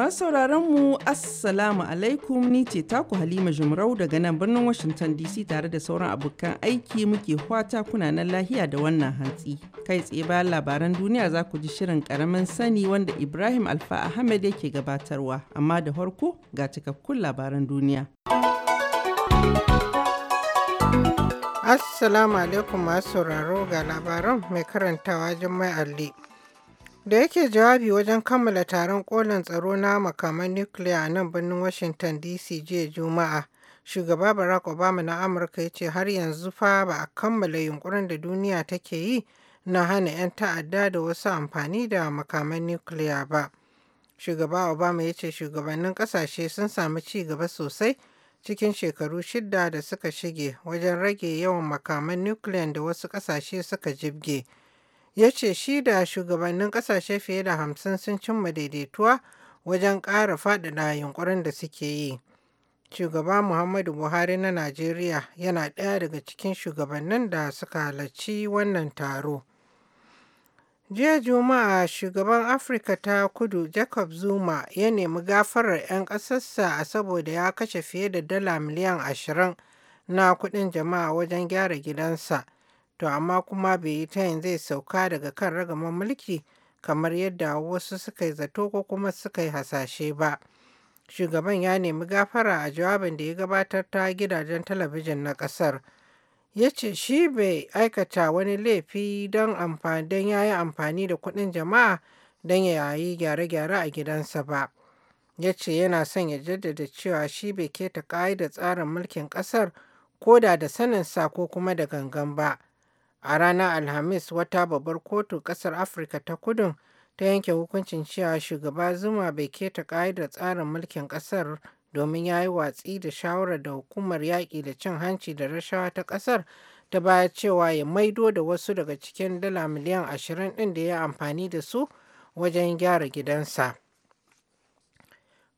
Masu sauraron mu Assalamu alaikum ni ce taku Halima Jumrau daga nan birnin Washington DC tare da sauran abokan aiki muke fata kuna nan lahiya da wannan hantsi. Kai tsaye bayan labaran duniya za ku ji shirin karamin sani wanda Ibrahim Alfa Ahmed yake gabatarwa amma da farko ga cikakkun labaran duniya. Assalamu alaikum masu ga labaran mai karantawa Jummai Alli. Da yake jawabi wajen kammala taron kolin tsaro na makaman nukiliya a nan birnin Washington DC jiya Juma'a, Shugaba Barack Obama na Amurka ya ce har yanzu fa ba a kammala yunkurin da duniya take yi na hana 'yan ta'adda da wasu amfani da makaman nukiliya ba. Shugaba Obama ya ce shugabannin kasashe sun samu ci gaba sosai cikin shekaru shida da suka shige wajen rage yawan makaman nukiliyan da wasu kasashe suka jibge. ya ce shi da shugabannin kasashe fiye da hamsin sun cimma daidaituwa wajen ƙara faɗaɗa yunkurin da suke yi. Shugaba Muhammadu Buhari na Najeriya yana ɗaya daga cikin shugabannin da suka halarci wannan taro. Jiya Juma'a shugaban Afirka ta kudu Jacob Zuma ya nemi gafarar 'yan ƙasarsa a saboda ya kashe fiye da dala miliyan ashirin na kuɗin jama'a wajen gyara gidansa. to amma kuma bai yi tayin zai sauka daga kan ragaman mulki kamar yadda wasu suka yi zato ko kuma suka yi hasashe ba shugaban ya nemi gafara a jawabin da ya gabatar ta gidajen talabijin na ƙasar. ya ce shi bai aikata wani laifi don ya yi amfani da kuɗin jama'a don ya yi gyare-gyare a gidansa ba ya ce yana son ya jaddada cewa shi bai keta ka'ida tsarin mulkin ƙasar ko da da saninsa ko kuma da gangan ba A ranar Alhamis, wata babbar kotu ƙasar Afirka ta Kudun ta yanke hukuncin cewa Shugaba Zuma bai keta ƙa'idar tsarin mulkin ƙasar domin ya yi watsi da shawarar da Hukumar Yaƙi da Cin Hanci da Rashawa ta ƙasar ta baya cewa ya maido da wasu daga cikin dala miliyan ashirin ɗin da ya amfani da su wajen gyara gidansa.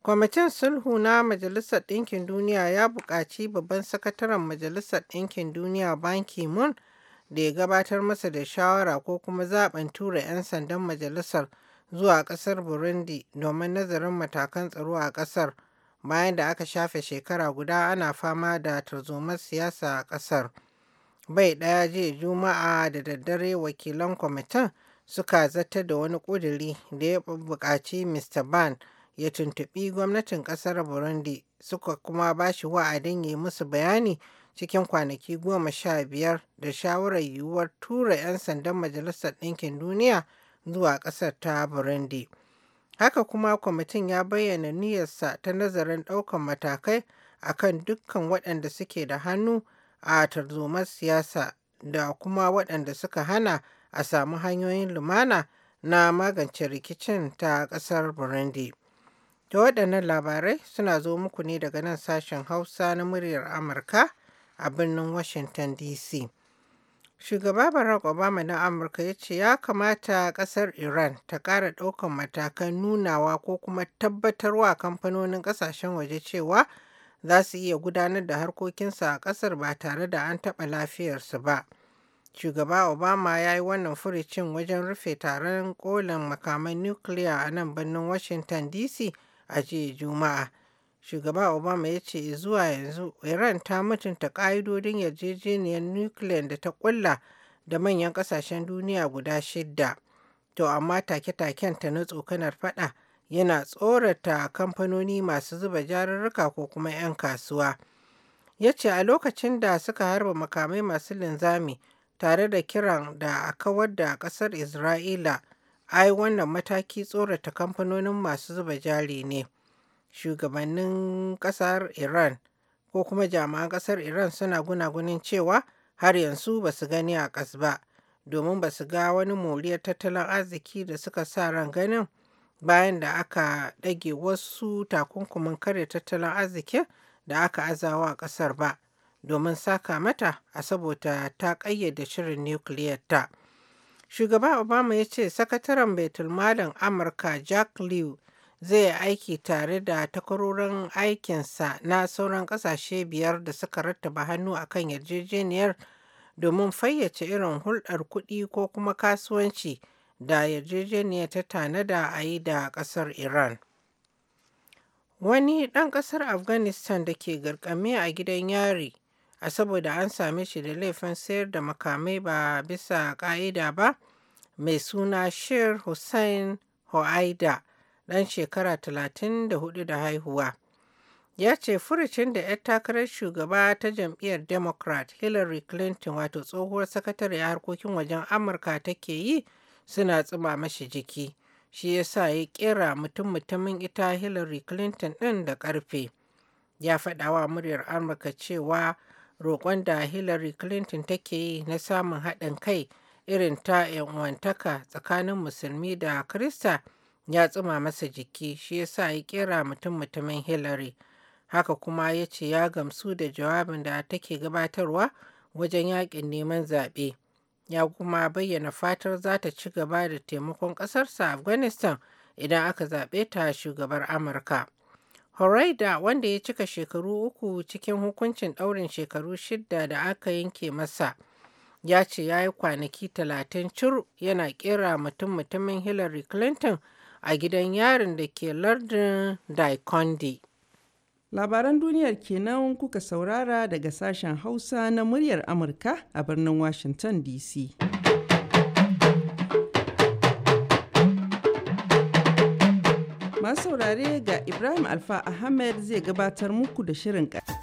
Kwamitin Sulhu na Majalisar Ɗinkin Duniya ya buƙaci babban sakataren Majalisar Ɗinkin Duniya Ban Ki-moon da ya gabatar masa da shawara ko kuma zaɓin tura 'yan sandan majalisar zuwa ƙasar Burundi domin nazarin matakan tsaro a ƙasar bayan da aka shafe shekara guda ana fama da tarzomar siyasa a ƙasar. Bai ɗaya jiya Juma'a da daddare wakilan kwamitin suka zata da wani ƙudiri da ya buƙaci Mr. Ban ya tuntuɓi gwamnatin ƙasar Burundi suka kuma bashi wa'adin ya musu bayani cikin kwanaki goma sha biyar da shawarar yiwuwar tura 'yan sandan Majalisar Ɗinkin Duniya zuwa ƙasar ta Burundi. Haka kuma kwamitin ya bayyana niyyarsa ta nazarin ɗaukan matakai a kan dukkan waɗanda suke da hannu a tarzomar siyasa da kuma waɗanda suka hana a samu hanyoyin lumana na magance rikicin ta ƙasar Burundi. Da waɗannan labarai suna zo muku ne daga nan sashen Hausa na muryar Amurka a birnin Washington DC. Shugaba Barack Obama na Amurka ya ce ya kamata ƙasar Iran ta ƙara ɗaukar matakan nunawa ko kuma tabbatarwa kamfanonin ƙasashen waje cewa za su iya gudanar da harkokinsa a ƙasar ba tare da an taɓa lafiyarsu ba. Shugaba Obama ya yi wannan furicin wajen rufe taron kolin makaman nukiliya a nan birnin Washington DC a jiya Juma'a. Shugaba Obama ya ce zuwa yanzu Iran ta mutunta ka'idodin yarjejeniyar nuclear da ta ƙulla da manyan kasashen duniya guda shidda. To amma take-taken ta na tsokanar fada yana tsorata kamfanoni masu zuba jarurruka ko kuma 'yan kasuwa. Ya ce a lokacin da suka harba makamai masu linzami tare da kiran da a kawar da kasar Isra'ila, ai wannan mataki tsorata kamfanonin masu zuba jari ne. shugabannin ƙasar Iran ko kuma jami'an ƙasar Iran suna gunagunin cewa har yanzu ba su gani a ƙas ba domin ba su ga wani moriyar tattalin arziki da suka sa ran ganin bayan da aka ɗage wasu takunkumin karya tattalin arzikin da aka azawa a ƙasar ba domin saka mata a saboda ta ƙayyade shirin nukiliyar ta. Shugaba Obama ya ce sakataren Baitul Amurka Jack Lew zai yi aiki tare da takwarorin aikinsa na sauran ƙasashe biyar da suka rattaba hannu a kan yarjejeniyar domin fayyace irin hulɗar kuɗi ko kuma kasuwanci da yarjejeniyar ta tanada a yi da ƙasar Iran. Wani ɗan ƙasar Afghanistan da ke garkame a gidan yari a saboda an same shi da laifin sayar da makamai ba bisa ƙa'ida ba mai suna Shir Hussein Hoaida ɗan shekara 34 da da haihuwa. Ya ce furucin da 'yar takarar shugaba ta jam'iyyar Democrat Hillary Clinton wato tsohuwar sakatare a harkokin wajen Amurka take yi suna tsuma mashi jiki. Shi ya sa ya kera mutum-mutumin ita Hillary Clinton ɗin da ƙarfe. Ya faɗawa muryar Amurka cewa roƙon da Hillary Clinton take yi na samun haɗin kai irin ta 'yan uwantaka tsakanin musulmi da Kirista ya tsuma masa jiki shi yasa ya kera mutum mutumin hillary haka kuma ya ce ya gamsu da jawabin da take gabatarwa wajen yakin neman zaɓe ya kuma bayyana fatar za ta ci gaba da taimakon ƙasarsa afghanistan idan aka zaɓe ta shugabar amurka horaida wanda ya cika shekaru uku cikin hukuncin ɗaurin shekaru shidda da aka yanke masa ya ce ya yi kwanaki talatin cur yana kera mutum-mutumin hillary clinton a gidan yarin da ke lardin Daikondi. Labaran duniyar kenan kuka saurara daga sashen Hausa na muryar Amurka a birnin Washington DC. Masu saurare ga Ibrahim Alfa Ahmed zai gabatar muku da shirin ƙasa.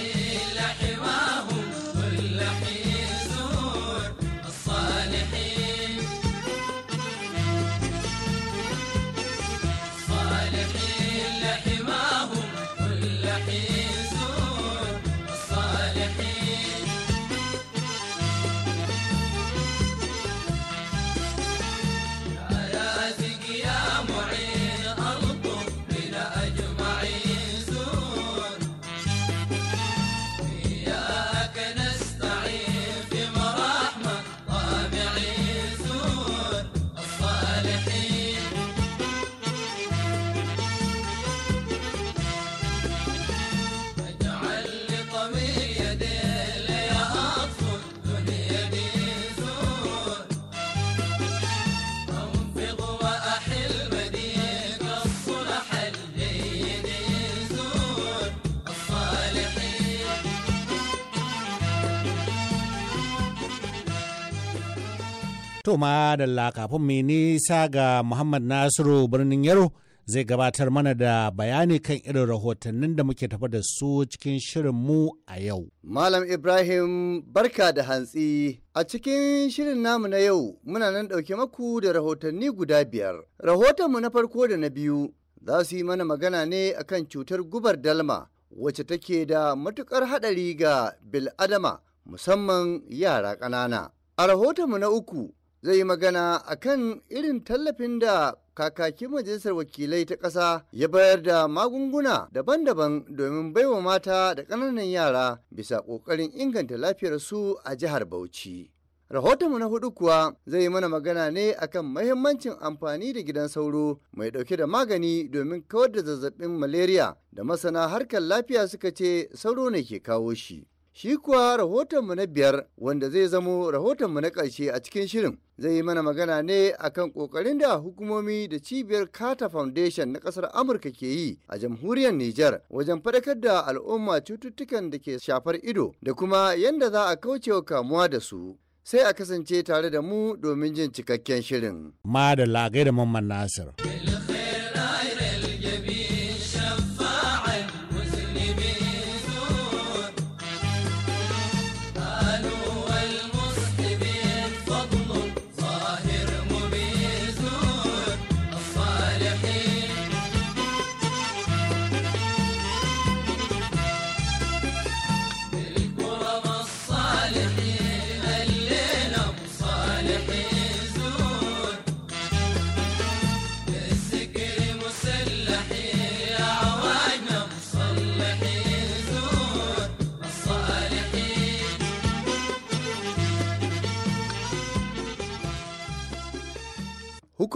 To ma da kafin mai nisa ga Muhammad Nasiru birnin Yaro zai gabatar mana da bayani kan irin rahotannin da muke tafa da su cikin shirin mu a yau. Malam Ibrahim barka da hantsi. A cikin shirin namu na yau muna nan ɗauke maku da rahotanni guda biyar. Rahotonmu na farko da na biyu za su yi mana magana ne akan cutar gubar dalma wacce take da matukar haɗari ga bil'adama musamman yara ƙanana. A rahotonmu na uku zai yi magana a kan irin tallafin da kakakin majalisar wakilai ta ƙasa ya bayar da magunguna daban-daban domin baiwa mata da ƙananan yara bisa ƙoƙarin inganta lafiyarsu a jihar Bauchi. Rahotonmu na hudu kuwa zai yi mana magana ne akan mahimmancin amfani da gidan sauro mai dauke da magani domin kawar da zazzabin malaria da masana harkar lafiya suka ce sauro ne ke kawo shi. Shi kuwa rahotonmu na biyar wanda zai zamo rahotonmu na ƙarshe a cikin shirin zai yi mana magana ne akan ƙoƙarin da hukumomi da cibiyar Carter Foundation na ƙasar Amurka ke yi a jamhuriyar Nijar wajen faɗakar da al'umma cututtukan da ke shafar ido da kuma yadda za a kauce wa kamuwa da su. sai a kasance tare da mu domin jin cikakken shirin. Ma da lagai da Mamman Nasir.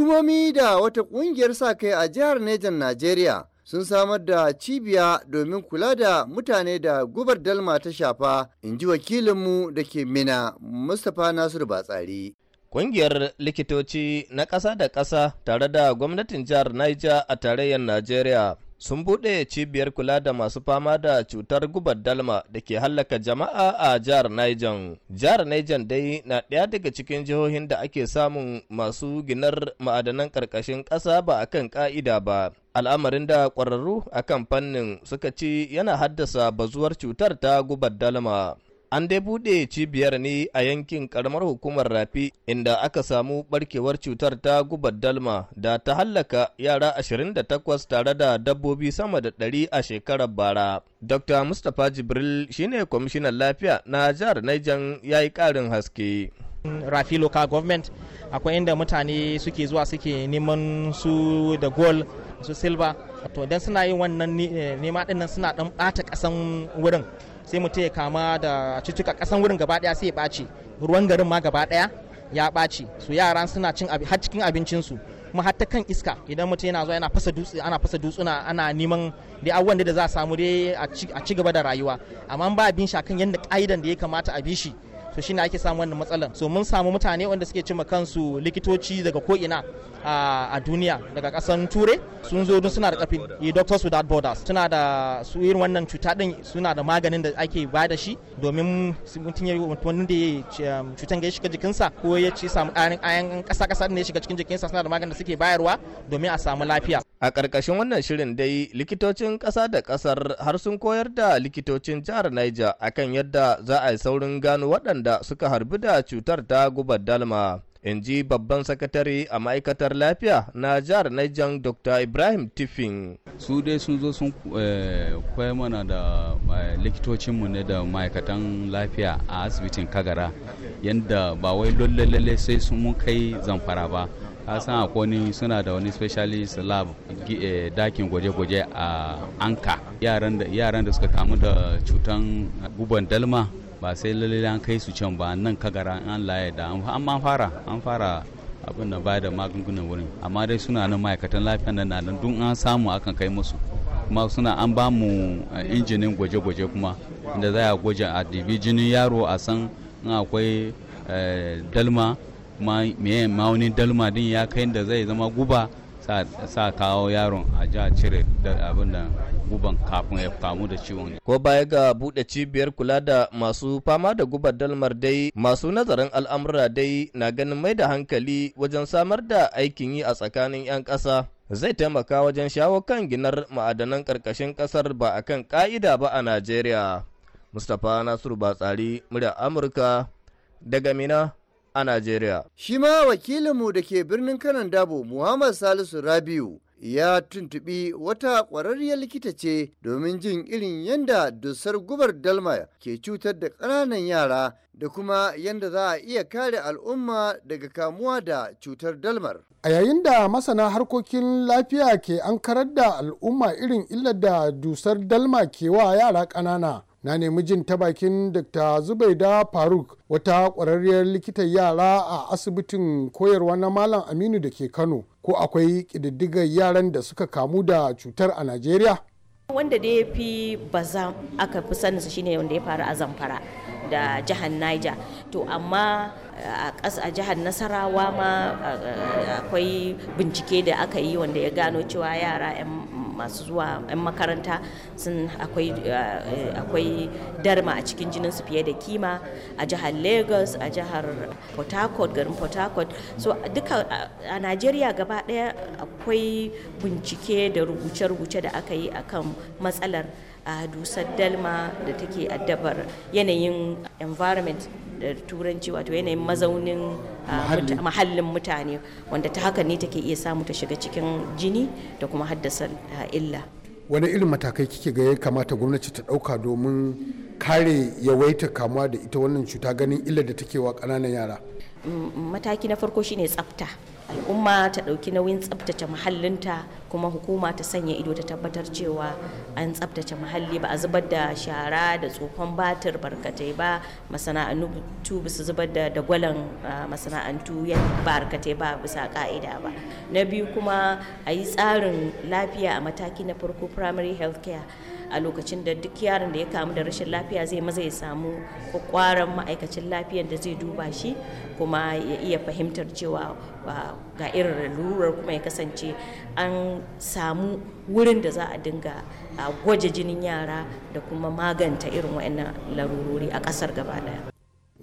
Hukumomi da wata ƙungiyar sa kai a jihar Nejan Najeriya sun samar da cibiya domin kula da mutane da gubar dalma ta shafa, in ji wakilinmu da ke Mina, Mustapha Nasiru Batsari. Ƙungiyar likitoci na ƙasa da ƙasa tare da gwamnatin jihar Niger a tarayyar Najeriya sun buɗe cibiyar kula da masu fama da cutar gubar dalma da ke hallaka jama'a a jihar Niger. Jihar Niger dai na ɗaya daga cikin jihohin da ake samun masu ginar ma'adanan ƙarƙashin ƙasa ba a kan ƙa'ida ba. Al'amarin da ƙwararru a kan fannin suka ci yana haddasa bazuwar cutar ta gubar dalma. An dai buɗe cibiyar ne a yankin karamar hukumar rafi inda aka samu ɓarkewar cutar ta gubar dalma da ta hallaka yara 28 tare da dabbobi sama da ɗari a shekarar bara. Dr. Mustapha Jibril shine kwamishinan lafiya na jihar Niger ya yi ƙarin haske. Rafi local government akwai inda mutane suke zuwa suke neman su da gold su silver to idan suna yin wannan eh, nema dinnan suna ɗan ɓata ƙasan wurin sai mutum ya kama da cutuka kasan wurin gaba daya sai ya ɓaci ruwan garin ma gaba daya ya ɓaci su yaran suna cin har cikin abincinsu kuma har ta kan iska idan mutum yana zuwa yana fasa dutse ana fasa dutsuna ana neman dai abubuwan da za a samu dai a ci gaba da rayuwa amma ba abin shi akan yadda ka'idan da ya kamata a bi shi to ake samu wannan matsalan so mun samu mutane wanda suke cimma kansu likitoci daga ko ina a duniya daga kasan ture sun zo don suna da kafin eh, doctors without borders suna da su irin wannan cuta din suna da maganin da ake ba da shi domin mutum ya wani da ya um, cutan ya shiga jikinsa ko ya ci samu ƙarin ayan ƙasa ƙasa ne ya shiga cikin jikinsa suna da maganin da suke bayarwa domin a samu lafiya a ƙarƙashin wannan shirin dai likitocin ƙasa da ƙasar har sun koyar da likitocin jihar Niger akan yadda za a yi saurin gano waɗanda suka harbi da cutar ta gubar dalma in ji babban sakatare a ma'aikatar lafiya na jihar Niger Dr. Ibrahim Tiffin. Su dai sun zo sun eh, kwaya mana da eh, likitocinmu ne da ma'aikatan lafiya a asibitin Kagara yadda ba wai lalle sai sun mun kai zamfara ba. san akwai suna da wani specialist lab eh, dakin gwaje-gwaje a anka yaran da suka kamu da cutan guban dalma ba sai lalle an kai su can ba nan kagara gara Allah ya da an ma fara an fara abin da bada magungunan wurin amma dai suna nan ma'aikatan lafiya nan na nan duk an samu akan kai musu kuma suna an ba mu eh, injinin gwaje-gwaje kuma inda za a gwaje a dibi jinin yaro a san in akwai eh, dalma kuma maunin dalma din ya kai da zai zama guba sa kawo yaron a ja cire da abin da guban kafin ya kamu da ciwon. Ko baya ga buɗe cibiyar kula da masu fama da guba dalmar dai masu nazarin al'amura dai na ganin mai da hankali wajen samar da aikin yi a tsakanin 'yan ƙasa. Zai taimaka wajen shawo kan ginar ma'adanan ƙarƙashin ƙasar ba a kan ƙa'ida ba a Najeriya. Mustapha Nasiru Batsari, murya Amurka, daga Mina a Najeriya. Shi ma wakilinmu da ke birnin kanan dabo Muhammad Salisu Rabiu ya tuntubi wata ƙwararriyar likita ce domin jin irin yadda dusar gubar dalma ke cutar da ƙananan yara da kuma yadda za a iya kare al'umma daga kamuwa da cutar dalmar. A yayin da masana harkokin lafiya ke an karar da al'umma irin illar da dusar dalma ke wa yara ƙanana. na nemi jin ta bakin dr zubaida faruk wata kwararriyar likitan yara a asibitin koyarwa na malam aminu da ke kano ko akwai kididdigar yaran da suka kamu da cutar a najeriya wanda da ya fi baza aka fi saninsa shine wanda ya faru a zamfara da jihar niger to amma eh, a jihar nasarawa ma eh, eh, akwai bincike da aka yi wanda ya gano cewa yara 'yan masu zuwa 'yan makaranta sun eh, akwai darma a cikin jinin su fiye da kima a jihar lagos a jihar port harcourt garin port harcourt so duka a najeriya gaba daya akwai bincike da rubuce-rubuce da aka yi akan matsalar a dusar dalma da take addabar yanayin environment da turanci wato yanayin mazaunin mahallin mutane wanda ta haka ne take iya samu ta shiga cikin jini da kuma haddasa illa wani irin matakai kike ga ya kamata gwamnati ta ɗauka domin kare yawaita kamuwa da ita wannan cuta ganin illar da take wa ƙananan yara mm, mataki na farko shine tsafta al'umma ta ɗauki nauyin tsabtace muhallinta kuma hukuma ta sanya ido ta tabbatar cewa an tsabtace muhalli ba a zubar da shara da tsohon batir barkatai ba masana'antu bisa zubar da dagwalon masana'antu barkatai ba bisa ka'ida ba na biyu kuma a yi tsarin lafiya a mataki na farko primary health care a lokacin da duk yaron da ya kamu da rashin lafiya zai maza ya samu kwakwaran ma'aikacin lafiyar da zai duba shi kuma ya iya fahimtar cewa ga irin lalurar kuma ya kasance an samu wurin da za a dinga gwaje jinin yara da kuma maganta irin wa'annan larurori a ƙasar gaba daya.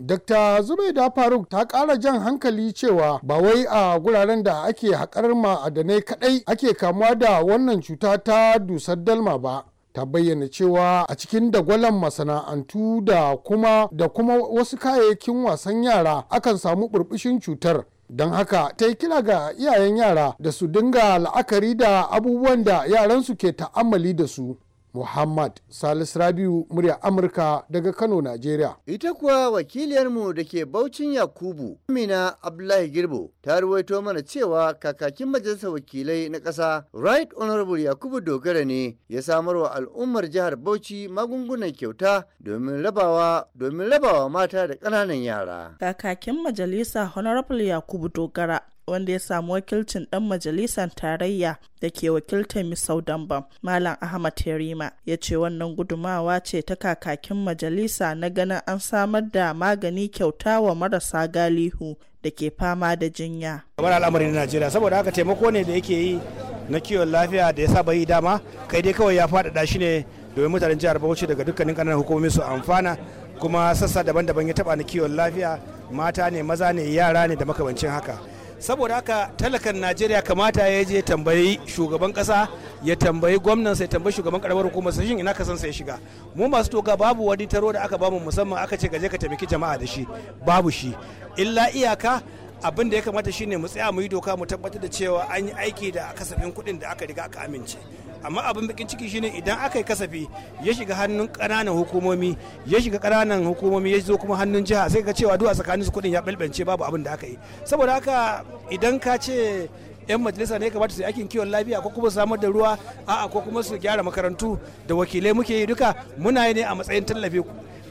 Dr. Zubaida Faruk ta kara jan hankali cewa ba wai a guraren da ake haƙar ma'adanai kaɗai ake kamuwa da wannan cuta ta dusar dalma ba. ta bayyana cewa a cikin dagwalon masana'antu da kuma da kuma wasu kayayyakin wasan yara akan samu burbushin cutar don haka ta yi kira ga iyayen yara da su dinga la'akari da abubuwan da yaransu ke ta'amali da su Muhammad salis Rabiu murya Amurka daga Kano, Najeriya. Ita kuwa wakiliyarmu da ke Baucin Yakubu, Amina Abdullahi Girbo, ta ruwaito mana cewa kakakin majalisar wakilai na ƙasa Right Honorable Yakubu Dogara ne ya samar wa al'ummar jihar Bauchi magungunan kyauta domin rabawa domin rabawa mata da ƙananan yara. Kakakin majalisa Honorable Yakubu Dogara wanda ya samu wakilcin dan majalisar tarayya da ke wakiltar misau dambam malam ahmad yarima ya ce wannan gudumawa ce ta kakakin majalisa na ganin an samar da magani kyauta wa marasa galihu da ke fama da jinya kamar al'amarin najeriya saboda haka taimako ne da yake yi na kiwon lafiya da ya saba yi dama kai dai kawai ya faɗaɗa shi ne domin mutanen jihar bauchi daga dukkanin ƙananan hukumomi su amfana kuma sassa daban-daban ya taɓa na kiwon lafiya mata ne maza ne yara ne da makamancin haka saboda haka talakan najeriya kamata ya je tambayi shugaban kasa ya tambayi gwamnan sai tambayi shugaban karamar hukumar sashin ina kasan sai shiga mu masu toka babu wani taro da aka bamu musamman aka ce gaje ka taimaki jama'a da shi babu shi illa iyaka abin da ya kamata shine mu tsaya mu yi doka mu tabbatar da cewa an yi aiki da kasafin kuɗin da aka riga aka amince amma abin bakin ciki shine idan aka yi kasafi ya shiga hannun ƙananan hukumomi ya shiga kananan hukumomi ya zo kuma hannun jiha sai ka cewa duwa tsakanin su kuɗin ya bilbance babu abin da aka yi saboda haka idan ka ce 'yan majalisa ne kamata su yi aikin kiwon lafiya ko kuma samar da ruwa a'a ko kuma su gyara makarantu da wakilai muke yi duka muna yi ne a matsayin tallafi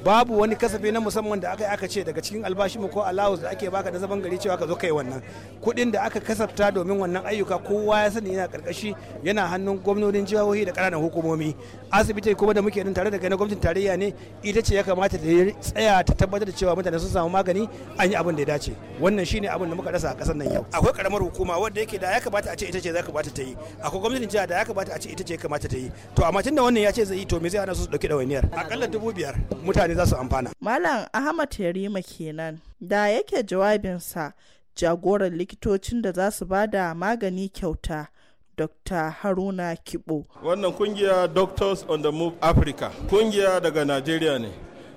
babu wani kasafi na musamman da aka yi aka ce daga cikin albashi mu ko allowance da ake baka da zaban gari cewa ka zo kai wannan kuɗin da aka kasafta domin wannan ayyuka kowa ya sani yana karkashi yana hannun gwamnonin jihohi da ƙananan hukumomi asibiti kuma da muke nan tare da kai na gwamnatin tarayya ne ita ce ya kamata da tsaya ta tabbatar da cewa mutane sun samu magani an yi abin da ya dace wannan shine abin da muka rasa a ƙasar nan yau akwai karamar hukuma wadda yake da ya kamata a ce ita ce za ka bata ta yi akwai gwamnatin jiha da ya kamata a ce ita ce kamata ta yi to amma tunda wannan ya ce zai yi to me zai hana su su dauki ɗawainiyar akalla dubu biyar mutane mutane za su amfana. Malam Ahmad Yarima kenan da yake jawabinsa jagoran likitocin da za su bada magani kyauta. Dr. Haruna Kibo. Wannan kungiya Doctors on the Move Africa. Kungiya daga Najeriya ne,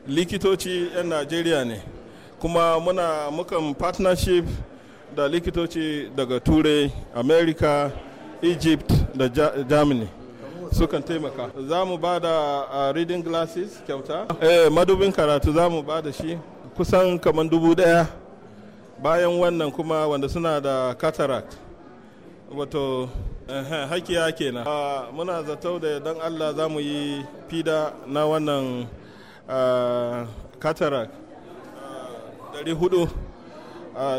likitoci 'yan Najeriya ne, kuma muna mukan partnership da likitoci daga Turai, America, Egypt da Germany. sukan taimaka za mu ba da reading glasses kyauta eh, madubin karatu za mu ba da shi kusan kamar dubu daya bayan wannan kuma wanda suna da cataract wato hakiya kenan muna zato da dan allah za mu yi fida na wannan cataract dari hudu.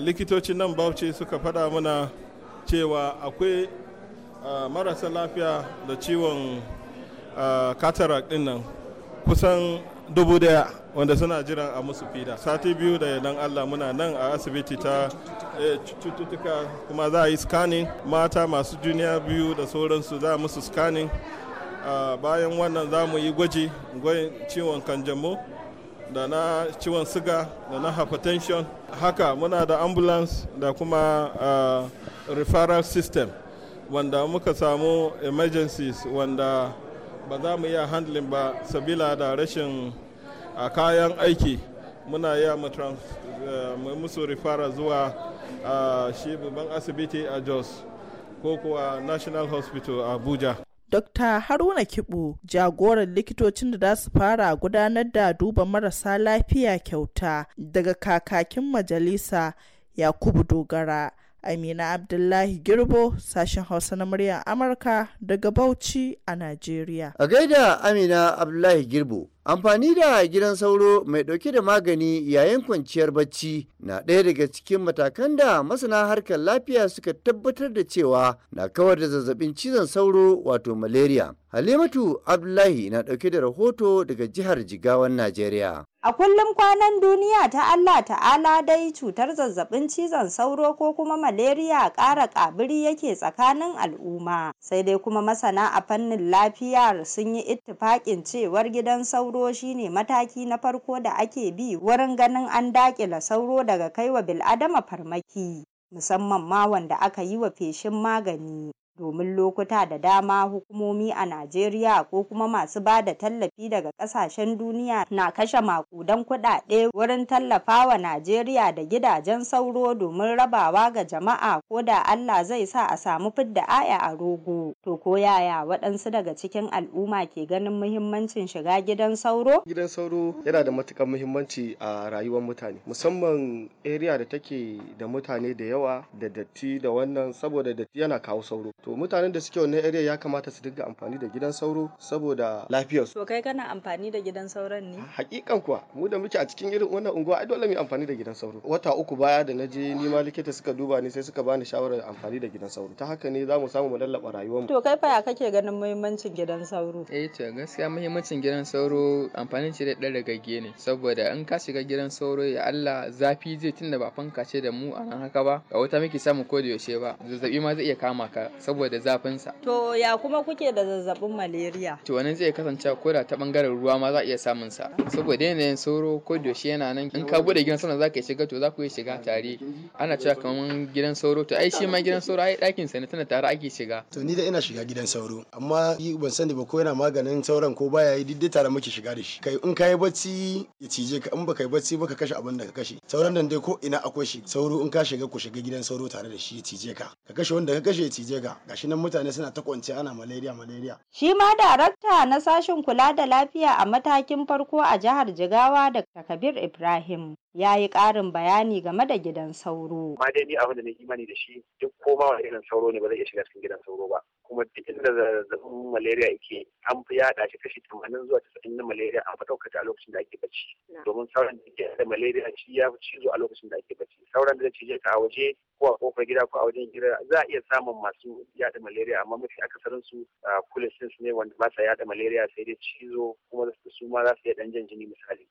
likitocin nan bauchi suka fada mana cewa akwai marasa lafiya da ciwon cataract din nan kusan dubu daya wanda suna jiran a musu fida sati biyu da yadan allah muna nan a asibiti ta eh, cututtuka kuma za a yi scanning mata masu juniya biyu da sauransu za a musu scanning bayan wannan za mu yi gwaji gwajin ciwon kanjamo da na ciwon siga da na hypertension haka muna da ambulance da kuma referral system wanda muka samu emergencies wanda ba za mu iya handling ba sabila da rashin kayan aiki muna iya mu eh, musu rifara zuwa shi babban asibiti a jos ko kuwa national hospital a abuja dokta Haruna Kibu jagoran likitocin da za su fara gudanar da duba marasa lafiya kyauta daga kakakin majalisa Yakubu Dogara Amina Abdullahi Girbo, sashen Hausa na muryar Amurka daga Bauchi a Najeriya. A gaida Amina Abdullahi Girbo. Amfani da gidan sauro mai ɗauke da magani yayin kwanciyar bacci na ɗaya daga cikin matakan da masana harkar lafiya suka tabbatar da cewa na kawar da zazzabin cizon sauro wato malaria. Halimatu Abdullahi na ɗauke da rahoto daga jihar Jigawan Najeriya. A kullum kwanan duniya ta Allah ta'ala dai cutar zazzabin cizon sauro ko kuma malaria ƙara ƙabiri yake tsakanin al'umma. Sai dai kuma masana a fannin lafiyar sun yi ittifaƙin cewar gidan sauro sauro shine mataki na farko da ake bi wurin ganin an dakile sauro daga kaiwa bil'adama farmaki musamman ma wanda aka yi wa feshin magani domin lokuta da dama hukumomi a Najeriya ko kuma masu ba da tallafi daga kasashen duniya na kashe makudan kuɗaɗe wurin tallafawa Najeriya da gidajen sauro domin rabawa ga jama'a ko da Allah zai sa a samu fidda aya a rogo. To ko yaya waɗansu daga cikin al'umma ke ganin muhimmancin shiga gidan sauro? Gidan sauro yana da matuƙar muhimmanci a rayuwar mutane musamman area da take da mutane da yawa da datti da wannan saboda datti yana kawo sauro. to mutanen da suke wannan area ya kamata su dinga amfani da gidan sauro saboda lafiyarsu to kai kana amfani da gidan sauron ne hakikan kuwa mu da muke a cikin irin wannan unguwa ai dole mu amfani da gidan sauro wata uku baya da naje ni ma likita suka duba ni sai suka bani shawarar amfani da gidan sauro ta haka ne za mu samu mu lallaba rayuwarmu to kai fa ya kake ganin muhimmancin gidan sauro eh to gaskiya muhimmancin gidan sauro amfanin shi da dan ragagge ne saboda in ka shiga gidan sauro ya Allah zafi zai tunda ba fanka ce da mu a nan haka ba ga wata muke samu ko da yaushe ba zazzabi ma zai iya kama ka saboda zafinsa. To ya kuma kuke da zazzabin malaria? To wani zai kasance ko da ta bangaren ruwa ma za a iya samun sa. Saboda yanayin sauro ko doshi yana nan in ka bude gidan sauro za ka shiga to za ku iya shiga tare. Ana cewa kamar gidan sauro to ai shi ma gidan sauro ai ɗakin sa ne tana tare ake shiga. To ni da ina shiga gidan sauro amma ban sani ba ko yana maganin sauran ko baya yi duk tare muke shiga da shi. Kai in ka yi bacci ya cije ka in ba ka yi bacci ba ka kashe abin da ka kashe. Sauran nan dai ko ina akwai shi sauro in ka shiga ku shiga gidan sauro tare da shi ya cije ka. Ka kashe wanda ka kashe ya cije ka. gashi nan mutane suna ta kwance ana malaria malaria shi ma darakta na sashin kula da lafiya a matakin farko a jihar jigawa dr kabir ibrahim ya yi ƙarin bayani game da gidan sauro. Ma dai ni abin da na imani da shi duk koma wa irin sauro ne ba zai iya shiga cikin gidan sauro ba. Kuma duk inda zazzabin malaria yake an fi yaɗa shi kashi tamanin zuwa casa'in na malaria an fi a lokacin da ake bacci. Domin sauran da ke da malaria ci ya fi cizo a lokacin da ake bacci. Sauran da cije ka a waje ko a kofar gida ko a wajen gida za a iya samun masu yaɗa malaria amma mafi akasarin su kulisin ne wanda ba sa yaɗa malaria sai dai cizo kuma su ma za su iya ɗan jan jini misali.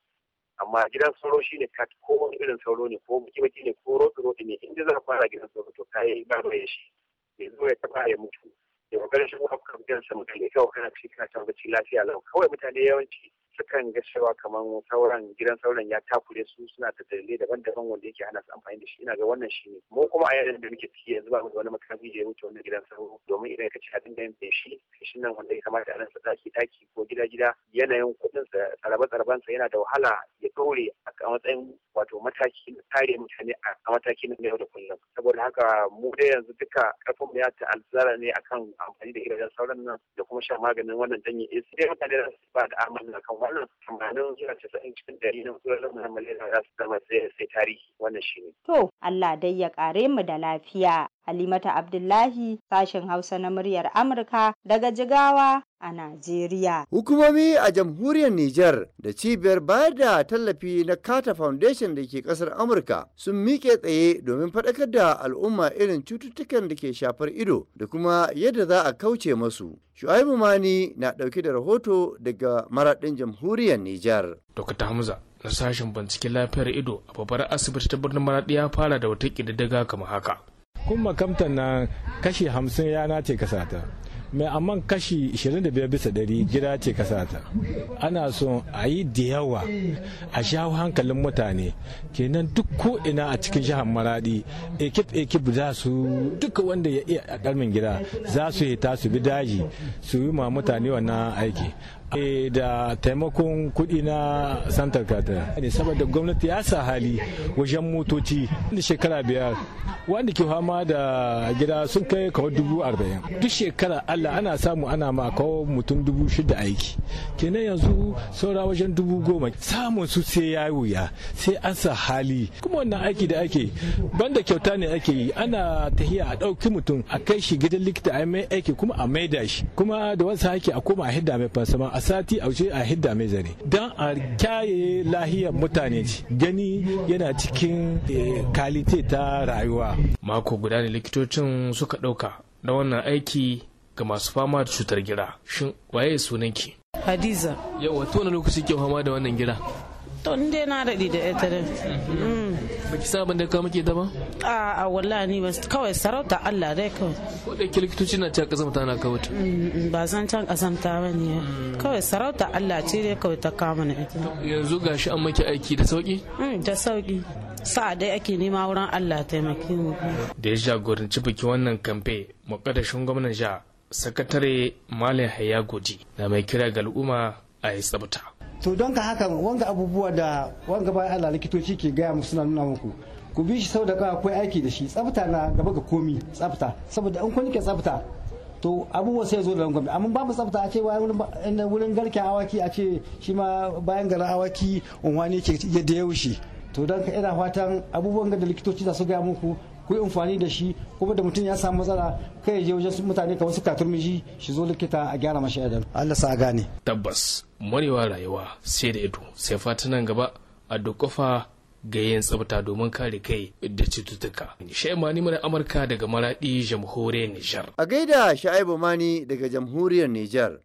amma gidan sauro shi ne kat ko wani irin sauro ne ko baki baki ne ko rotu rotu ne inda za a fara gidan sauro to yi ba mai shi ya zo ya taba ya mutu ya maganar shi kuma gidan sama ka ne kawai kana cikin kana bacci lafiya lau kawai mutane yawanci sukan ga cewa kamar sauran gidan sauran ya takure su suna da dalilai daban-daban wanda yake hana su amfani da shi ina ga wannan shi ne mu kuma a yayin da muke ciki yanzu ba mu da wani makami da ya wuce wannan gidan sauro domin idan ka ci abin da yin shi shi nan wanda ya kamata a nan daki daki ko gida gida yanayin kuɗin sa tsarabe tsaraben sa yana da wahala ya dore a matsayin wato mataki na kare mutane a mataki na yau da kullum saboda haka mu dai yanzu duka karfin mu ya ta'azzara ne akan amfani da gidajen sauran nan da kuma shan maganin wannan danyen AC dai mutane ba da amana kan wannan tamanin zuwa casa'in cikin ɗari na matsalolin muhammad za su zama sai tarihi wannan shi ne. to Allah dai ya kare mu da lafiya. Halimata Abdullahi sashen Hausa na muryar Amurka daga Jigawa a Najeriya. Hukumomi a jamhuriyar Nijar da cibiyar bayar da tallafi na kata Foundation da ke kasar Amurka sun miƙe tsaye domin faɗakar da al'umma irin cututtukan da ke shafar ido da kuma yadda za a kauce masu. Shu'aibu Mani na ɗauki da rahoto daga maraɗin jamhuriyar Nijar. Dokta Hamza na sashen binciken lafiyar ido a babbar asibiti ta birnin Maraɗi ya fara da wata ƙididdiga kamar haka. kun makamtar nan kashi hamsin yana ce kasata mai amma kashi 25 bisa ɗari gida ce kasata ana so a yi da yawa a shawo hankalin mutane kenan duk ko ina a cikin jihar maradi ekip ekip za su duka wanda ya iya a karmin gida za su yi ta su bi daji su yi ma mutane wannan aiki da taimakon kuɗi na santar katina ne saboda gwamnati ya sa hali wajen motoci da shekara biyar wanda ke fama da gida sun kai kawo dubu arba'in duk shekara allah ana samu ana ma kawo mutum dubu shida aiki kenan yanzu saura wajen dubu goma samun su sai ya wuya sai an sa hali kuma wannan aiki da ake banda kyauta ne ake yi ana tahiya a ɗauki mutum a kai shi gidan likita a mai aiki kuma a maida shi kuma da wasu haki a koma a hidda mai fasama a sati a a hidda mai zane don a kyaye lahiyar mutane gani yana cikin eh, kalite ta rayuwa mako guda ne likitocin suka ɗauka na wannan aiki ga masu fama da cutar gira shin waye sunan ki. hadiza yawa tona lokaci ke fama da wannan gira to inda na daɗi da ita baki sa abin da ka muke da ba a a wallahi ni ba kawai sarauta Allah dai kawai ko da likitoci na can ta na ka wata ba san can kazamta ba ne mm. kawai sarauta Allah ce dai kawai ta kama na ita yanzu gashi an maki aiki da sauki mm, da sauki sa dai ake nema wurin Allah taimake mu da ya jagoranci biki wannan kamfe mukaddashin gwamnatin jiha sakatare malam haya goji da mai kira ga al'umma a yi tsabta to don ka haka wanga abubuwa da wanga bayan Allah likitoci ke gaya musu suna nuna muku ku bi shi sau da kawai akwai aiki da shi tsafta na gaba ga komi tsafta saboda an kun ke tsafta to abubuwa sai zo da rangwame amma babu tsafta a ce wurin garken awaki a ce shi ma bayan garin awaki unwani ke yadda ya wuce to don ka ina fatan abubuwan da likitoci za su gaya muku ku yi amfani da shi kuma da mutum ya samu matsala kai je wajen mutane kamar su katurmiji shi zo likita a gyara mashi adam Allah sa gane tabbas murewa rayuwa sai da ido sai fata nan gaba a kofa ga yin tsafta domin kare kai da cututtuka. Sha'ibu Mani mara Amurka daga Maraɗi, Jamhuriyar Nijar. A gaida Sha'ibu Mani daga Jamhuriyar Nijar.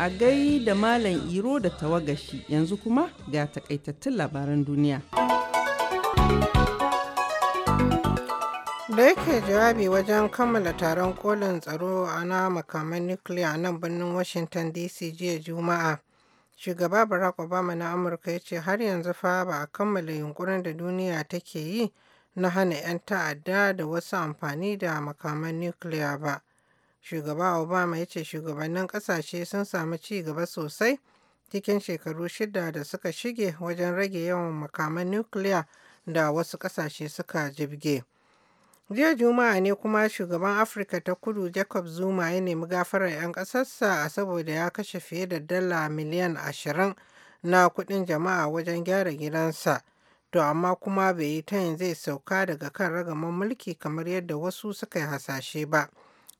a gai da Malam Iro da tawagashi yanzu kuma ga takaitattun labaran duniya. Da yake jawabi wajen kammala taron kolin tsaro a na makaman nukiliya nan birnin Washington DC jiya Juma'a. Shugaba Barack Obama na Amurka ya ce har yanzu fa ba a kammala yunkurin da duniya take yi na hana 'yan ta'adda da wasu amfani da makaman nukiliya ba. Shugaba Obama ya ce shugabannin kasashe sun samu ci gaba sosai cikin shekaru shida da suka shige wajen rage yawan makaman nukiliya da wasu kasashe suka jibge. Jiya Juma'a ne kuma shugaban Afirka ta kudu Jacob Zuma ya nemi gafarar 'yan ƙasarsa saboda ya kashe fiye da dala miliyan ashirin na kuɗin jama'a wajen gyara gidansa. To amma kuma bai yi tayin zai sauka daga kan ragaman mulki kamar yadda wasu suka yi hasashe ba.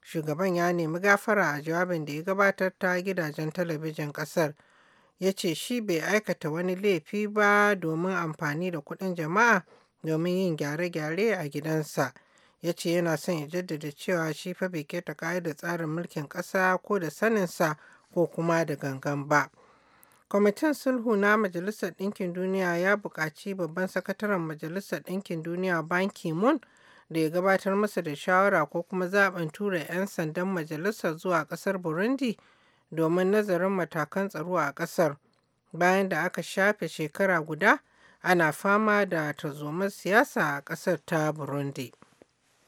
Shugaban ya nemi gafara a jawabin da ya gabatar ta gidajen talabijin ƙasar. Ya ce shi bai aikata wani laifi ba domin amfani da kuɗin jama'a domin yin gyare-gyare a gidansa. Ya ce yana son ya jaddada cewa shi fa bai keta da tsarin mulkin ƙasa ko da saninsa ko kuma da gangan ba. Kwamitin Sulhu na Majalisar Ɗinkin Duniya ya buƙaci babban sakataren Majalisar Ɗinkin Duniya Ban ki da ya gabatar masa da shawara ko kuma zaben tura 'yan sandan majalisar zuwa kasar burundi domin nazarin matakan tsaro a kasar bayan da aka shafe shekara guda ana fama da tazomar siyasa a kasar ta burundi